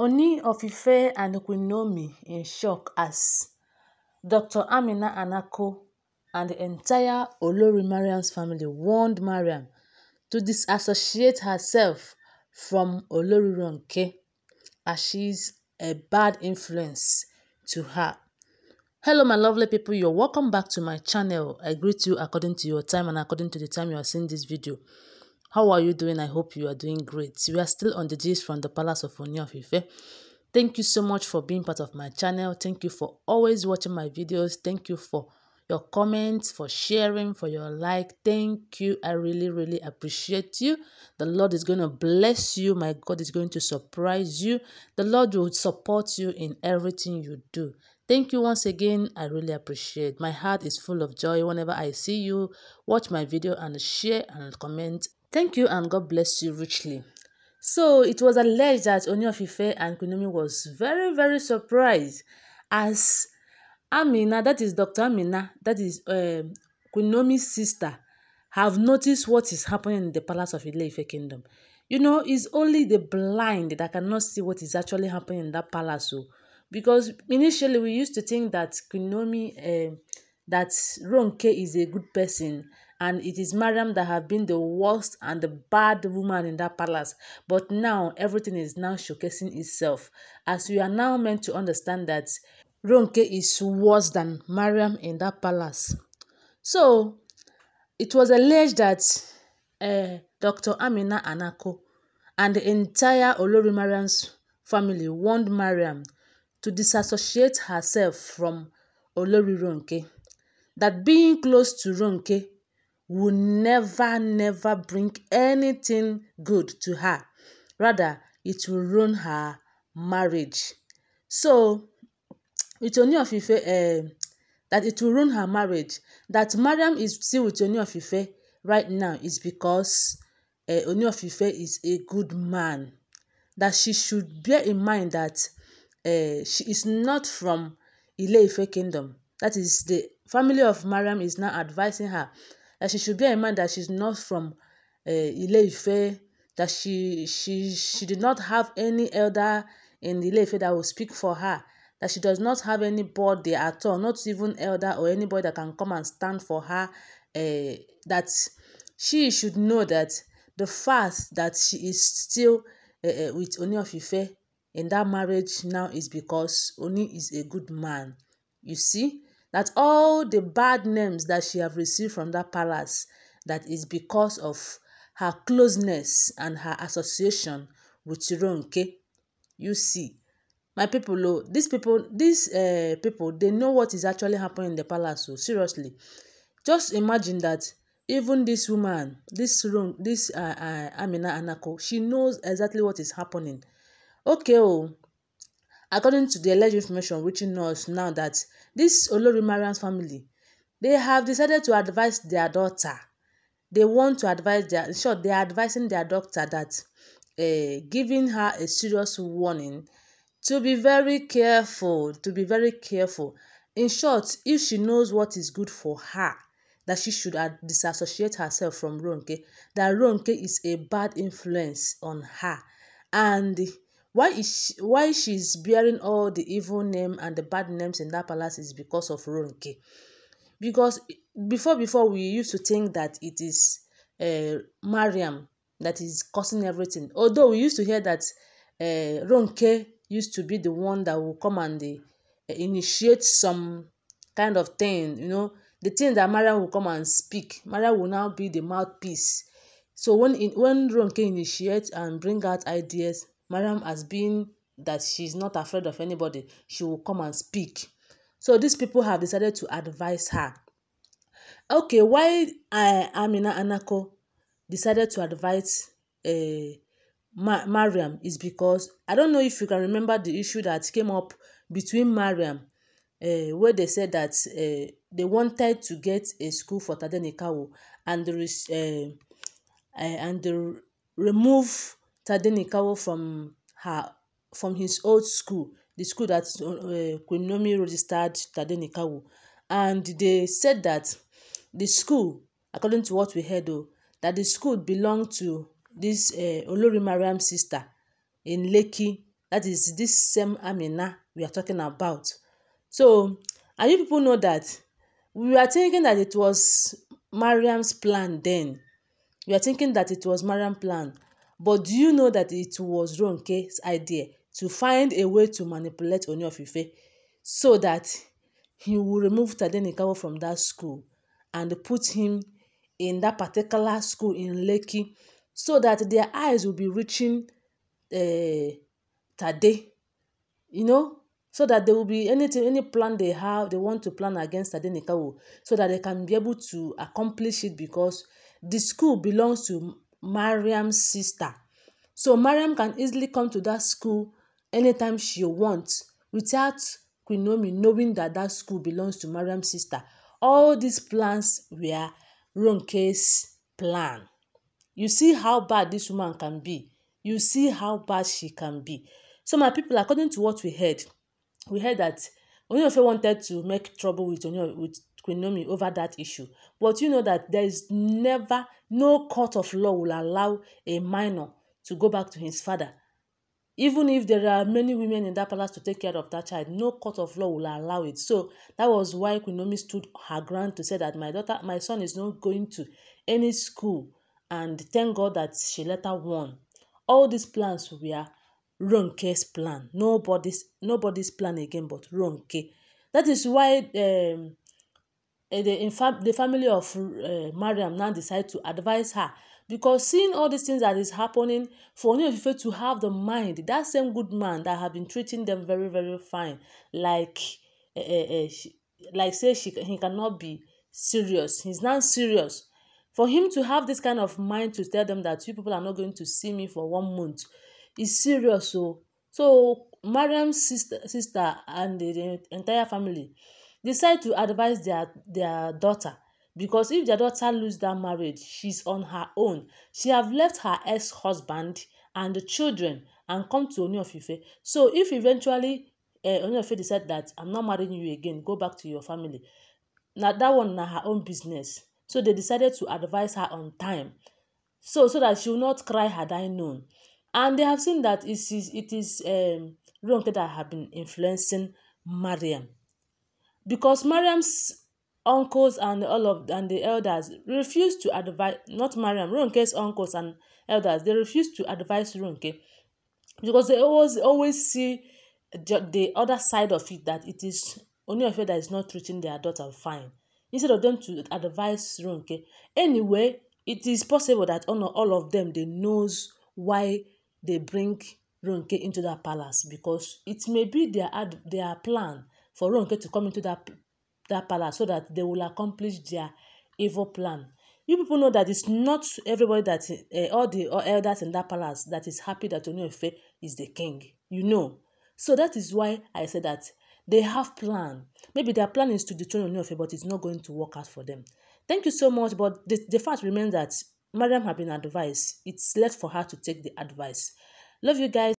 Oni Ofife and Quinomi in shock as Dr. Amina Anako and the entire Olori Mariam's family warned Mariam to disassociate herself from Olori Ronke as she's a bad influence to her. Hello my lovely people, you're welcome back to my channel. I greet you according to your time and according to the time you are seeing this video. How are you doing? I hope you are doing great. We are still on the gist from the Palace of Onyafife. Thank you so much for being part of my channel. Thank you for always watching my videos. Thank you for your comments, for sharing, for your like. Thank you. I really, really appreciate you. The Lord is going to bless you. My God is going to surprise you. The Lord will support you in everything you do. Thank you once again. I really appreciate. My heart is full of joy whenever I see you. Watch my video and share and comment Thank you and God bless you richly. So it was alleged that Ooni and Queen was very, very surprised as Amina, that is Dr. Amina, that is uh, Queen sister, have noticed what is happening in the palace of Ile-Ife kingdom. You know, it's only the blind that cannot see what is actually happening in that palace. So, oh. because initially we used to think that Kunomi, uh, um, that Ronke is a good person and it is Mariam that have been the worst and the bad woman in that palace. But now everything is now showcasing itself, as we are now meant to understand that Ronke is worse than Mariam in that palace. So it was alleged that uh, eh, Dr. Amina Anako and the entire Olori Mariam's family warned Mariam to disassociate herself from Olori Ronke. That being close to Ronke will never, never bring anything good to her. Rather, it will ruin her marriage. So, with Oni of Ife, uh, that it will ruin her marriage. That Mariam is still with Oni of Ife right now is because uh, Ooni of Ife is a good man. That she should bear in mind that uh, she is not from Ile-Ife kingdom. That is, the family of Mariam is now advising her that she should bear in mind that she's not from uh, eh, Ile-Ife, that she, she, she did not have any elder in Ile-Ife that will speak for her, that she does not have anybody at all, not even elder or anybody that can come and stand for her, uh, that she should know that the fact that she is still uh, with Oni of Ife in that marriage now is because Oni is a good man. You see? that all the bad names that she have received from that palace that is because of her closeness and her association with Chironke. You see, my people, oh, these people, these uh, people, they know what is actually happening in the palace. So seriously, just imagine that even this woman, this room, this uh, uh, Amina Anako, she knows exactly what is happening. Okay, oh, According to the alleged information reaching us now that this Olori family, they have decided to advise their daughter. They want to advise their, in short, they are advising their doctor that uh, giving her a serious warning to be very careful, to be very careful. In short, if she knows what is good for her, that she should disassociate herself from Ronke, that Ronke is a bad influence on her. And Why is she, why she's bearing all the evil name and the bad names in that palace is because of Ronke. Because before before we used to think that it is uh, Mariam that is causing everything. Although we used to hear that uh, Ronke used to be the one that will come and uh, initiate some kind of thing, you know, the thing that Mariam will come and speak. Mariam will now be the mouthpiece. So when in, when Ronke initiates and bring out ideas, Mariam has been that she's not afraid of anybody. She will come and speak. So these people have decided to advise her. Okay, why uh, Amina Anako decided to advise uh, Ma Mariam is because I don't know if you can remember the issue that came up between Mariam, uh, where they said that uh, they wanted to get a school for Tadenikawo and the, uh, uh, and the remove Tadeni Kawo from her from his old school, the school that uh, registered Tadeni Kawo. And they said that the school, according to what we heard, though, that the school belonged to this uh, Olori Mariam sister in Lekki. That is this same Amina we are talking about. So, and you people know that we are thinking that it was Mariam's plan then. We are thinking that it was Mariam's plan But do you know that it was Ronke's idea to find a way to manipulate Ooni so that he would remove Tadenikawo from that school and put him in that particular school in Lekki so that their eyes will be reaching uh, Tade, you know, so that there will be anything, any plan they have, they want to plan against Tadenikawo so that they can be able to accomplish it because the school belongs to Mariam's sister. So Mariam can easily come to that school anytime she wants without Quinomi knowing that that school belongs to Mariam's sister. All these plans were Ronke's plan. You see how bad this woman can be. You see how bad she can be. So my people, according to what we heard, we heard that Oniofe wanted to make trouble with Oniofe with scrutiny over that issue. But you know that there is never, no court of law will allow a minor to go back to his father. Even if there are many women in that palace to take care of that child, no court of law will allow it. So that was why Kunomi stood her ground to say that my daughter, my son is not going to any school. And thank God that she later won. All these plans were Ronke's plan. Nobody's nobody's plan again but Ronke. That is why um, the, fam- the family of uh, Mariam now decide to advise her because seeing all these things that is happening for Ooni to have the mind that same good man that have been treating them very very fine like uh, uh, she, like say she he cannot be serious he's not serious for him to have this kind of mind to tell them that you people are not going to see me for one month is serious o oh. so, so Mariam's sister sister and the, the entire family decide to advise their their daughter because if their daughter lose that marriage she's on her own she have left her ex-husband and the children and come to Ooni so if eventually uh, eh, Ooni decide that I'm not marrying you again go back to your family na that one na her own business so they decided to advise her on time so so that she will not cry had I known and they have seen that it is it is um, Ronke that have been influencing Mariam because Mariam's uncles and all of and the elders refused to advise not Mariam, Ronke's uncles and elders, they refused to advise Ronke because they always always see the, other side of it that it is only Onyefe that is not treating their daughter fine. Instead of them to advise Ronke, anyway, it is possible that all, all of them they knows why they bring Ronke into that palace because it may be their ad, their plan for Ronke to come into that, that palace so that they will accomplish their evil plan. You people know that it's not everybody that, uh, all the all elders in that palace that is happy that Onyefe is the king. You know. So that is why I said that they have plan. Maybe their plan is to dethrone Onyefe, but it's not going to work out for them. Thank you so much, but the, the fact remains that Mariam have been advised. It's left for her to take the advice. Love you guys.